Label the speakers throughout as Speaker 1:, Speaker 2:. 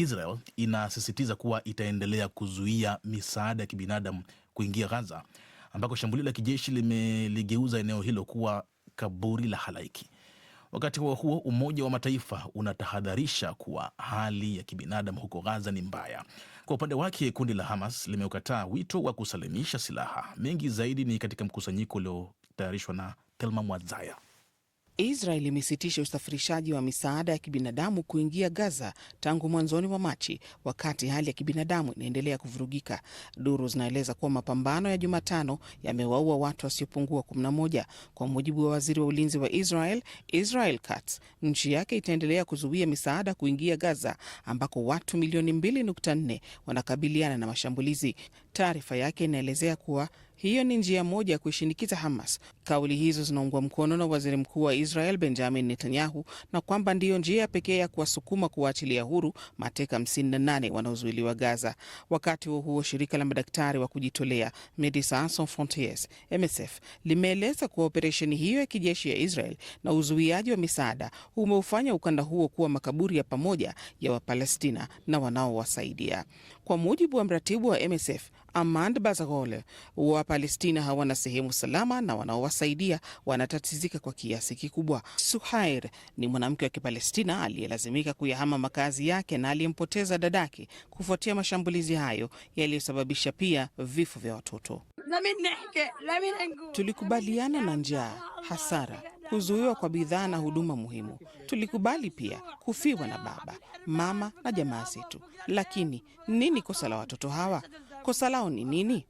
Speaker 1: Israel inasisitiza kuwa itaendelea kuzuia misaada ya kibinadamu kuingia Gaza, ambako shambulio la kijeshi limeligeuza eneo hilo kuwa kaburi la halaiki. Wakati huo huo, Umoja wa Mataifa unatahadharisha kuwa hali ya kibinadamu huko Gaza ni mbaya. Kwa upande wake, kundi la Hamas limeukataa wito wa kusalimisha silaha. Mengi zaidi ni katika mkusanyiko uliotayarishwa na Thelma Mwazaya.
Speaker 2: Israel imesitisha usafirishaji wa misaada ya kibinadamu kuingia Gaza tangu mwanzoni mwa Machi, wakati hali ya kibinadamu inaendelea kuvurugika. Duru zinaeleza kuwa mapambano ya Jumatano yamewaua watu wasiopungua 11. Kwa mujibu wa waziri wa ulinzi wa Israel, Israel cat nchi yake itaendelea kuzuia misaada kuingia Gaza, ambako watu milioni 2.4 wanakabiliana na mashambulizi Taarifa yake inaelezea kuwa hiyo ni njia moja ya kuishinikiza Hamas. Kauli hizo zinaungwa mkono na waziri mkuu wa Israel Benjamin Netanyahu, na kwamba ndiyo njia pekee ya kuwasukuma kuwaachilia huru mateka 58 wanaozuiliwa Gaza. Wakati huo huo, shirika la madaktari wa kujitolea Medecins Sans Frontieres MSF limeeleza kuwa operesheni hiyo ya kijeshi ya Israel na uzuiaji wa misaada umeufanya ukanda huo kuwa makaburi ya pamoja ya Wapalestina na wanaowasaidia. Kwa mujibu wa mratibu wa MSF Amand Bazagole, Palestina hawana sehemu salama na wanaowasaidia wanatatizika kwa kiasi kikubwa. Suhair ni mwanamke wa Kipalestina aliyelazimika kuyahama makazi yake na aliyempoteza dadake kufuatia mashambulizi hayo yaliyosababisha pia vifo vya watoto.
Speaker 3: Tulikubaliana na njaa, hasara, kuzuiwa kwa bidhaa na huduma muhimu. Tulikubali pia kufiwa na baba, mama na jamaa zetu. Lakini nini kosa la watoto hawa? kosa lao ni nini?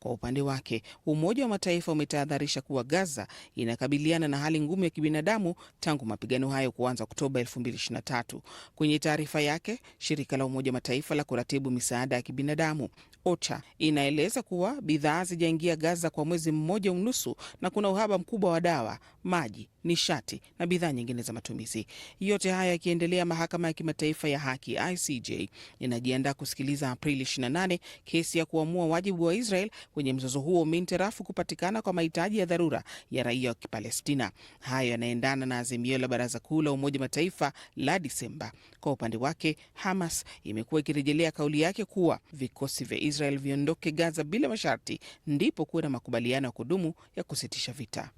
Speaker 2: Kwa upande wake, Umoja wa Mataifa umetahadharisha kuwa Gaza inakabiliana na hali ngumu ya kibinadamu tangu mapigano hayo kuanza Oktoba 2023. Kwenye taarifa yake, shirika la Umoja wa Mataifa la kuratibu misaada ya kibinadamu OCHA inaeleza kuwa bidhaa zijaingia Gaza kwa mwezi mmoja unusu na kuna uhaba mkubwa wa dawa, maji, nishati na bidhaa nyingine za matumizi. Yote haya yakiendelea, mahakama ya kimataifa ya haki ICJ inajiandaa inajiandaa kusikiliza Aprili 28 kesi ya kuamua wajibu wa Israel kwenye mzozo huo mintarafu kupatikana kwa mahitaji ya dharura ya raia wa Kipalestina. Hayo yanaendana na azimio la Baraza Kuu la Umoja Mataifa la Disemba. Kwa upande wake, Hamas imekuwa ikirejelea kauli yake kuwa vikosi vya Israel viondoke Gaza bila masharti, ndipo kuwe na makubaliano ya kudumu ya kusitisha vita.